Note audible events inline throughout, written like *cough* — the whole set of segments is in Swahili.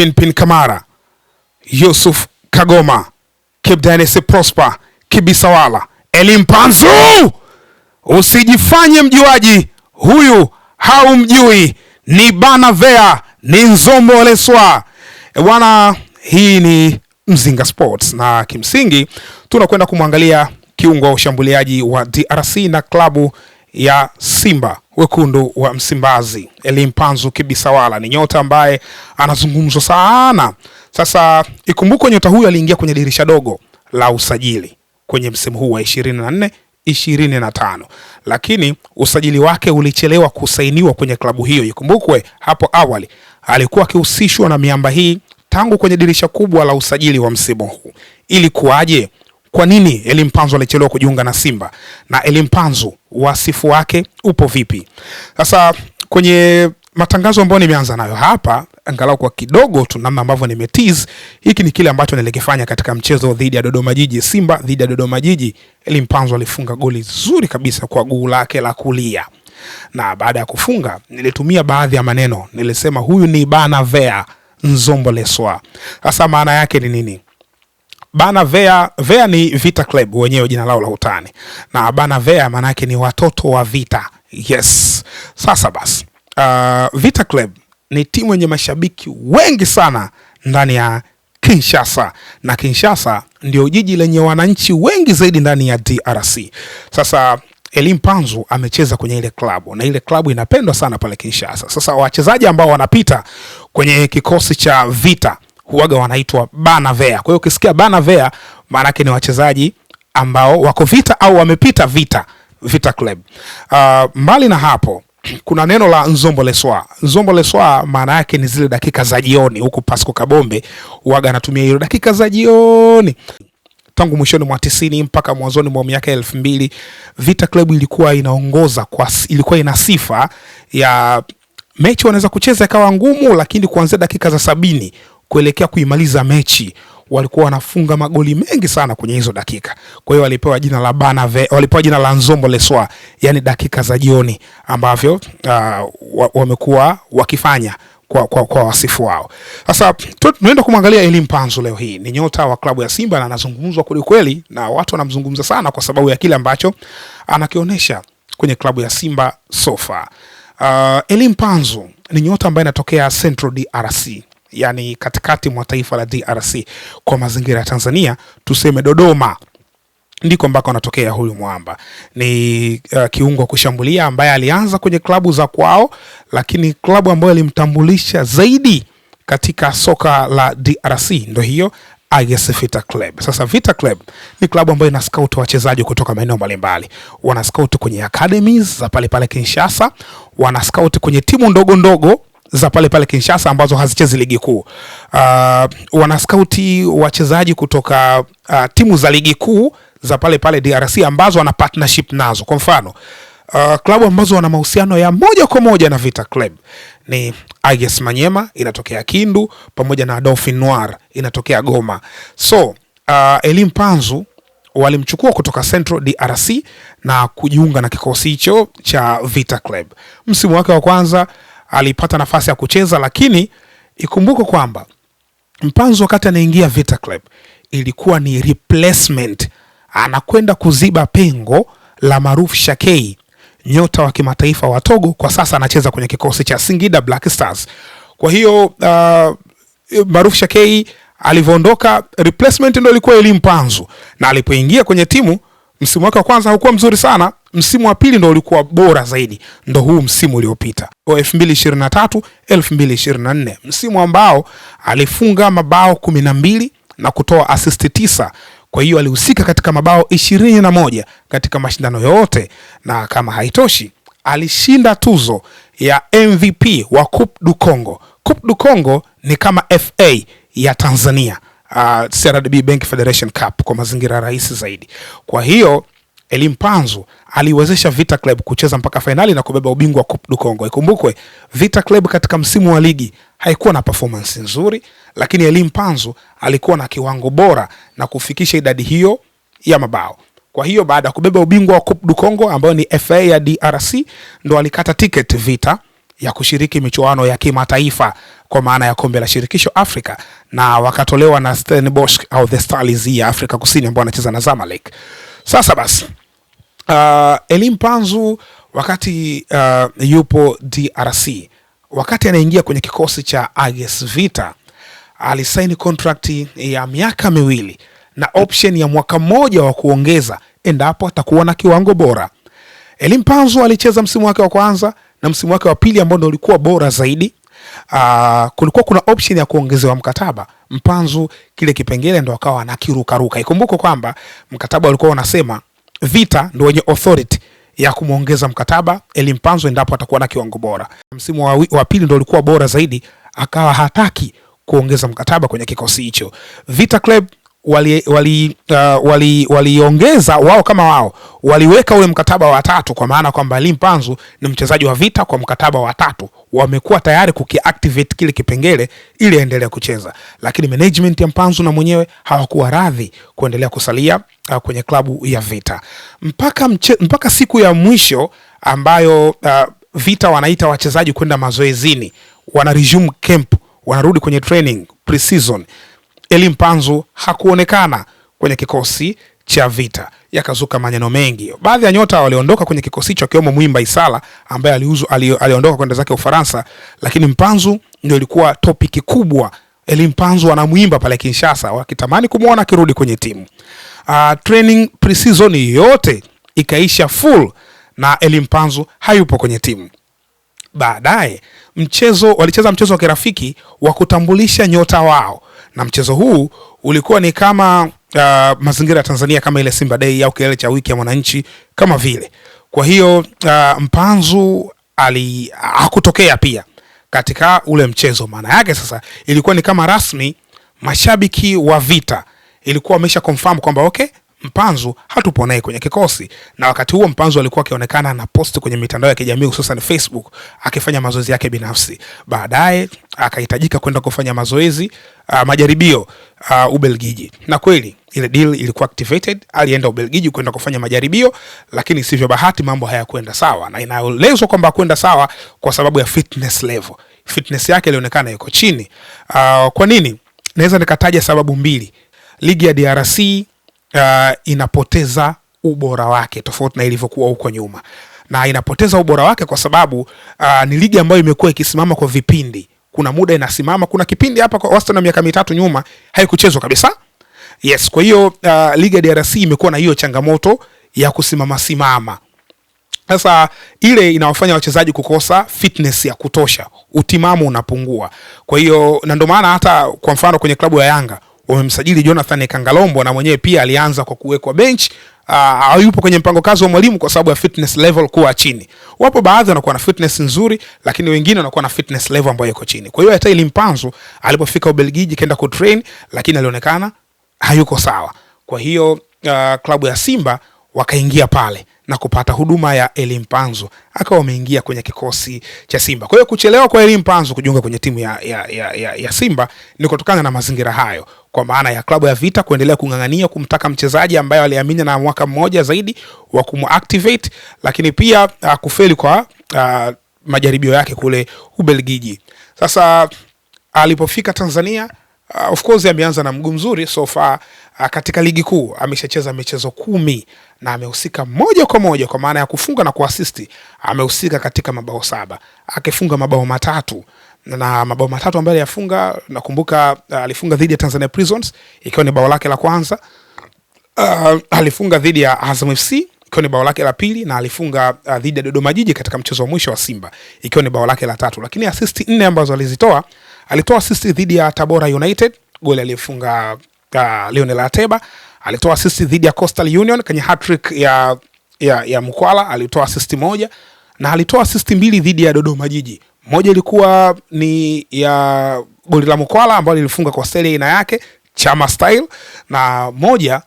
Pinpin Kamara, Yusuf Kagoma, Kipdanesi Prosper, Kibisawala, Elimpanzu. Usijifanye mjuaji, huyu haumjui. Ni vea ni Nzombo Leswa. Eh, bwana, hii ni Mzinga Sports na kimsingi tunakwenda kumwangalia kiungo wa ushambuliaji wa DRC na klabu ya Simba wekundu wa Msimbazi. Elimpanzu Kibisawala ni nyota ambaye anazungumzwa sana sasa. Ikumbukwe nyota huyu aliingia kwenye dirisha dogo la usajili kwenye msimu huu wa 24 25 lakini usajili wake ulichelewa kusainiwa kwenye klabu hiyo. Ikumbukwe hapo awali alikuwa akihusishwa na miamba hii tangu kwenye dirisha kubwa la usajili wa msimu huu. Ilikuwaje? Kwa nini Elimpanzu alichelewa kujiunga na Simba na Elimpanzu wasifu wake upo vipi? Sasa kwenye matangazo ambayo nimeanza nayo hapa, angalau kwa kidogo tu, namna ambavyo nimetease, hiki ni kile ambacho nilikifanya katika mchezo dhidi ya Dodoma Jiji, Simba dhidi ya Dodoma Jiji. Elimpanzu alifunga goli zuri kabisa kwa guu lake la kulia, na baada ya kufunga nilitumia baadhi ya maneno, nilisema huyu ni bana vea nzombo leswa. Sasa maana yake ni nini? Bana Vea, Vea ni Vita Club wenyewe jina lao la utani, na Bana Vea maana yake ni watoto wa vita. Yes, sasa basi, uh, Vita Club ni timu yenye mashabiki wengi sana ndani ya Kinshasa na Kinshasa ndio jiji lenye wananchi wengi zaidi ndani ya DRC. Sasa Elim Panzu amecheza kwenye ile klabu na ile klabu inapendwa sana pale Kinshasa. Sasa wachezaji ambao wanapita kwenye kikosi cha Vita huaga wanaitwa Banavea. Kwa hiyo ukisikia Banavea maana ni wachezaji ambao wako vita au wamepita vita Vita Club. Uh, mbali na hapo *clears throat* kuna neno la Nzombo Leswa. Nzombo Leswa maana yake ni zile dakika za jioni, huku Pasco Kabombe huaga anatumia hiyo dakika za jioni tangu mwishoni mwa tisini mpaka mwanzoni mwa miaka elfu mbili Vita Club ilikuwa inaongoza kwa, ilikuwa ina sifa ya mechi wanaweza kucheza ikawa ngumu, lakini kuanzia dakika za sabini kuelekea kuimaliza mechi walikuwa wanafunga magoli mengi sana kwenye hizo dakika. Kwa hiyo walipewa jina la Banave, walipewa jina la Nzombo Leswa, yani dakika za jioni ambavyo uh, wamekuwa wakifanya kwa, kwa, kwa wasifu wao. Sasa tunaenda kumwangalia Elie Mpanzu leo hii. Ni nyota wa klabu ya Simba na anazungumzwa kweli kweli, na watu wanamzungumza sana kwa sababu ya kile ambacho anakionyesha kwenye klabu ya Simba sofa. Uh, ah, Elie Mpanzu ni nyota ambaye anatokea Central DRC yani katikati mwa taifa la DRC. Kwa mazingira ya Tanzania tuseme Dodoma ndiko ambako anatokea huyu mwamba. Ni uh, kiungo kushambulia ambaye alianza kwenye klabu za kwao, lakini klabu ambayo ilimtambulisha zaidi katika soka la DRC ndo hiyo AS Vita Club. Sasa Vita Club ni klabu ambayo ina scout wachezaji kutoka maeneo mbalimbali. Wana scout kwenye academies za pale pale Kinshasa, wana scout kwenye timu ndogo ndogo za pale pale Kinshasa ambazo hazichezi ligi kuu. Uh, wanaskauti wachezaji kutoka uh, timu za ligi kuu za pale pale DRC ambazo wana partnership nazo. Kwa mfano uh, klabu ambazo wana mahusiano ya moja kwa moja na Vita Club ni AS Manyema inatokea Kindu pamoja na Dauphin Noir inatokea Goma. So uh, Elim Panzu walimchukua kutoka Central DRC na kujiunga na kikosi hicho cha Vita Club. Msimu wake wa kwanza alipata nafasi ya kucheza, lakini ikumbuke kwamba Mpanzu wakati anaingia Vita Club ilikuwa ni replacement, anakwenda kuziba pengo la Maruf Shakei, nyota wa kimataifa wa Togo. Kwa sasa anacheza kwenye kikosi cha Singida Black Stars. Kwa hiyo uh, Maruf Shakei alivyoondoka, replacement ndo ilikuwa Eli Mpanzu, na alipoingia kwenye timu msimu wake wa kwanza haukuwa mzuri sana, Msimu wa pili ndo ulikuwa bora zaidi, ndo huu msimu uliopita 2023 2024, msimu ambao alifunga mabao 12 na kutoa assist 9. Kwa hiyo alihusika katika mabao moja katika mashindano yote, na kama haitoshi alishinda tuzo ya MVP wa Coupe du Congo. Coupe du Congo ni kama FA ya Tanzania, uh, CRDB Bank Federation Cup kwa mazingira rahisi zaidi. Kwa hiyo Elimpanzu aliwezesha Vita Club kucheza mpaka fainali na kubeba ubingwa wa Coupe du Congo. Ikumbukwe Vita Club katika msimu wa ligi haikuwa na performance nzuri, lakini Elimpanzu alikuwa na kiwango bora na kufikisha idadi hiyo ya mabao. Kwa hiyo baada ya kubeba ubingwa wa Coupe du Congo ambayo ni FA ya DRC, ndo alikata tiketi Vita ya kushiriki michuano ya kimataifa kwa maana ya kombe la shirikisho Afrika, na wakatolewa na Stellenbosch au the stalis ya Afrika Kusini ambao anacheza na Zamalek. Sasa basi uh, Elim Panzu wakati uh, yupo DRC, wakati anaingia kwenye kikosi cha AGES Vita alisaini contract ya miaka miwili na option ya mwaka mmoja wa kuongeza endapo atakuwa na kiwango bora. Elim Panzu alicheza msimu wake wa kwanza na msimu wake wa pili ambao ndio ulikuwa bora zaidi. Uh, kulikuwa kuna option ya kuongezewa mkataba. Mpanzu kile kipengele ndo akawa anakirukaruka. Ikumbuko kwamba mkataba ulikuwa unasema Vita ndo wenye authority ya kumwongeza mkataba Elimpanzo endapo atakuwa na kiwango bora. Msimu wa, wa pili ndo ulikuwa bora zaidi, akawa hataki kuongeza mkataba kwenye kikosi hicho. Vita Club waliongeza wali, uh, wali, wali wao kama wao waliweka ule mkataba wa tatu, kwa maana kwamba Limpanzu ni mchezaji wa vita kwa mkataba wa tatu. Wamekuwa tayari kukiactivate kile kipengele ili aendelee kucheza, lakini management ya Mpanzu na mwenyewe hawakuwa radhi kuendelea kusalia uh, kwenye klabu ya Vita mpaka, mche, mpaka siku ya mwisho ambayo uh, Vita wanaita wachezaji kwenda mazoezini, wana resume camp, wanarudi kwenye training pre-season Eli Mpanzu hakuonekana kwenye kikosi cha vita, yakazuka maneno mengi. Baadhi ya nyota waliondoka kwenye kikosi hicho, akiwemo Mwimba Isala ambaye aliuzu aliondoka kwenda zake Ufaransa, lakini Mpanzu ndio ilikuwa topiki kubwa. Eli Mpanzu anamwimba pale Kinshasa, wakitamani kumwona akirudi kwenye timu. Uh, training pre-season yote ikaisha full na Eli Mpanzu hayupo kwenye timu. Baadaye mchezo walicheza mchezo wa kirafiki wa kutambulisha nyota wao na mchezo huu ulikuwa ni kama uh, mazingira ya Tanzania kama ile Simba Day au kilele cha wiki ya mwananchi kama vile. Kwa hiyo uh, Mpanzu ali hakutokea pia katika ule mchezo. Maana yake sasa ilikuwa ni kama rasmi mashabiki wa Vita ilikuwa wamesha confirm kwamba okay, Mpanzu hatupo naye kwenye kikosi, na wakati huo Mpanzu alikuwa akionekana na post kwenye mitandao ya kijamii hususan Facebook akifanya mazoezi yake binafsi. Baadaye akahitajika kwenda kufanya mazoezi uh, majaribio uh, Ubelgiji, na kweli ile deal ilikuwa activated, alienda Ubelgiji kwenda kufanya majaribio, lakini sivyo bahati, mambo hayakwenda sawa, na inaelezwa kwamba kwenda sawa kwa sababu ya fitness level, fitness yake ilionekana iko chini. Uh, kwa nini? Naweza nikataja sababu mbili, ligi ya DRC uh, inapoteza ubora wake tofauti na ilivyokuwa huko nyuma, na inapoteza ubora wake kwa sababu uh, ni ligi ambayo imekuwa ikisimama kwa vipindi. Kuna muda inasimama, kuna kipindi hapa kwa wastani wa miaka mitatu nyuma haikuchezwa kabisa. Yes, kwa hiyo uh, ligi ya DRC imekuwa na hiyo changamoto ya kusimama simama. Sasa ile inawafanya wachezaji kukosa fitness ya kutosha, utimamu unapungua. Kwa hiyo na ndio maana hata kwa mfano kwenye klabu ya Yanga wamemsajili Jonathan Kangalombo na mwenyewe pia alianza kwa kuwekwa bench. Ah, hayupo kwenye mpango kazi wa mwalimu kwa sababu ya fitness level kuwa chini. Wapo baadhi wanakuwa na fitness nzuri, lakini wengine wanakuwa na fitness level ambayo iko chini. Kwa hiyo hata ili Mpanzu alipofika Ubelgiji kaenda train, lakini alionekana hayuko sawa. Kwa hiyo uh, klabu ya Simba wakaingia pale na kupata huduma ya Eli akawa wameingia kwenye kikosi cha Simba. Kwa hiyo kuchelewa kwa Eli kujiunga kwenye timu ya, ya, ya, ya, ya Simba ni kutokana na mazingira hayo kwa maana ya klabu ya Vita kuendelea kung'ang'ania kumtaka mchezaji ambaye waliamini na mwaka mmoja zaidi wa kumactivate, lakini pia uh, kufeli kwa uh, majaribio yake kule Ubelgiji. Sasa alipofika Tanzania Uh, of course ameanza na mguu mzuri so far. Uh, katika ligi kuu ameshacheza michezo kumi na amehusika moja kwa moja kwa maana ya kufunga na kuasisti, amehusika katika mabao saba akifunga mabao matatu na mabao matatu ambayo aliyafunga, nakumbuka uh, alifunga dhidi ya Tanzania Prisons ikiwa ni bao lake la kwanza. Uh, alifunga dhidi ya Azam FC ikiwa ni bao lake la pili na alifunga uh, dhidi ya Dodoma Jiji katika mchezo wa mwisho wa Simba ikiwa ni bao lake la tatu. Lakini assist nne ambazo alizitoa, alitoa assist dhidi ya Tabora United, goli alifunga uh, Lionel Ateba. Alitoa assist dhidi ya Coastal Union kwenye hattrick ya, ya, ya Mkwala, alitoa assist moja na alitoa assist mbili dhidi ya Dodoma Jiji moja ilikuwa ni ya goli la Mkwala ambayo lilifunga kwa seli aina yake Chama style, na moja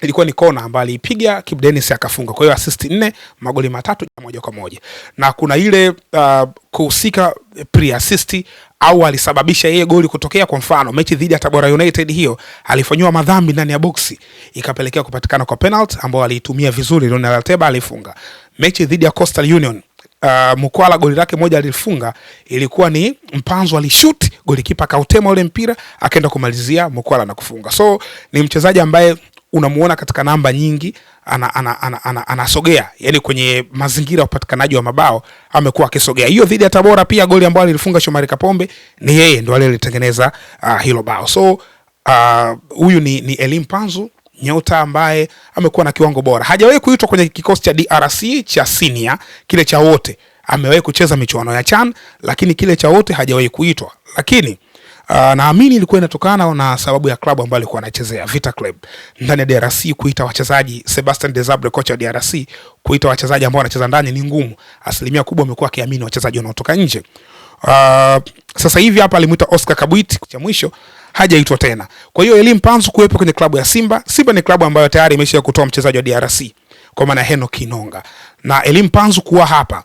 ilikuwa ni kona ambayo aliipiga Kibu Denis akafunga. Kwa hiyo assist nne, magoli matatu moja kwa moja, na kuna ile uh, kuhusika pre assist au alisababisha yeye goli kutokea. Kwa mfano mechi dhidi ya Tabora United hiyo alifanyiwa madhambi ndani ya boksi ikapelekea kupatikana kwa penalty ambayo aliitumia vizuri, Ronald alifunga. Mechi dhidi ya Coastal Union uh, Mkwala goli lake moja alifunga, ilikuwa ni Mpanzo alishuti, golikipa akautema ule mpira akaenda kumalizia Mkwala na kufunga. So ni mchezaji ambaye unamuona katika namba nyingi anasogea ana, ana, ana, ana, ana yani, kwenye mazingira ya upatikanaji wa mabao amekuwa akisogea. Hiyo dhidi ya Tabora pia goli ambayo alilifunga Shomari Kapombe ni yeye ndo alilitengeneza uh, hilo bao. So uh, huyu uh, ni, ni Elim Panzu nyota ambaye amekuwa na kiwango bora. Hajawahi kuitwa kwenye kikosi cha DRC cha sinia kile cha wote. Amewahi kucheza michuano ya CHAN lakini kile cha wote hajawahi kuitwa. Lakini uh, naamini ilikuwa inatokana na sababu ya klabu ambayo alikuwa anachezea Vita Club ndani ya DRC. Kuita wachezaji Sebastian Desabre, kocha wa DRC, kuita wachezaji ambao wanacheza ndani ni ngumu. Asilimia kubwa amekuwa akiamini wachezaji wanaotoka nje. Uh, sasa hivi hapa alimuita Oscar Kabwiti cha mwisho hajaitwa tena. Kwa hiyo Elim Panzu kuwepo kwenye klabu ya Simba. Simba ni klabu ambayo tayari imesha kutoa mchezaji wa DRC kwa maana Heno Kinonga, na Elim Panzu kuwa hapa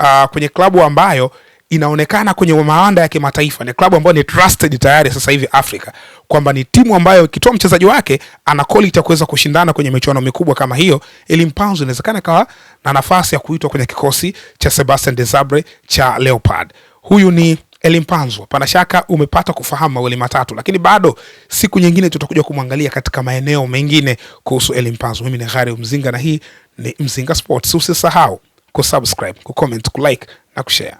uh, kwenye klabu ambayo inaonekana kwenye mawanda ya kimataifa ni klabu ambayo ni trusted tayari sasa hivi Afrika, kwamba ni timu ambayo ikitoa mchezaji wake ana quality ya kuweza kushindana kwenye michuano mikubwa kama hiyo. Elim Panzu inawezekana kawa na nafasi ya kuitwa kwenye kikosi cha Sebastian Desabre cha Leopard. Huyu ni Elimpanzwa. Pana shaka umepata kufahamu mawili matatu, lakini bado siku nyingine tutakuja kumwangalia katika maeneo mengine kuhusu Elimpanzwa. Mimi ni ghari Mzinga na hii ni Mzinga Sports. Usisahau kusubscribe, kucomment, kulike na kushare.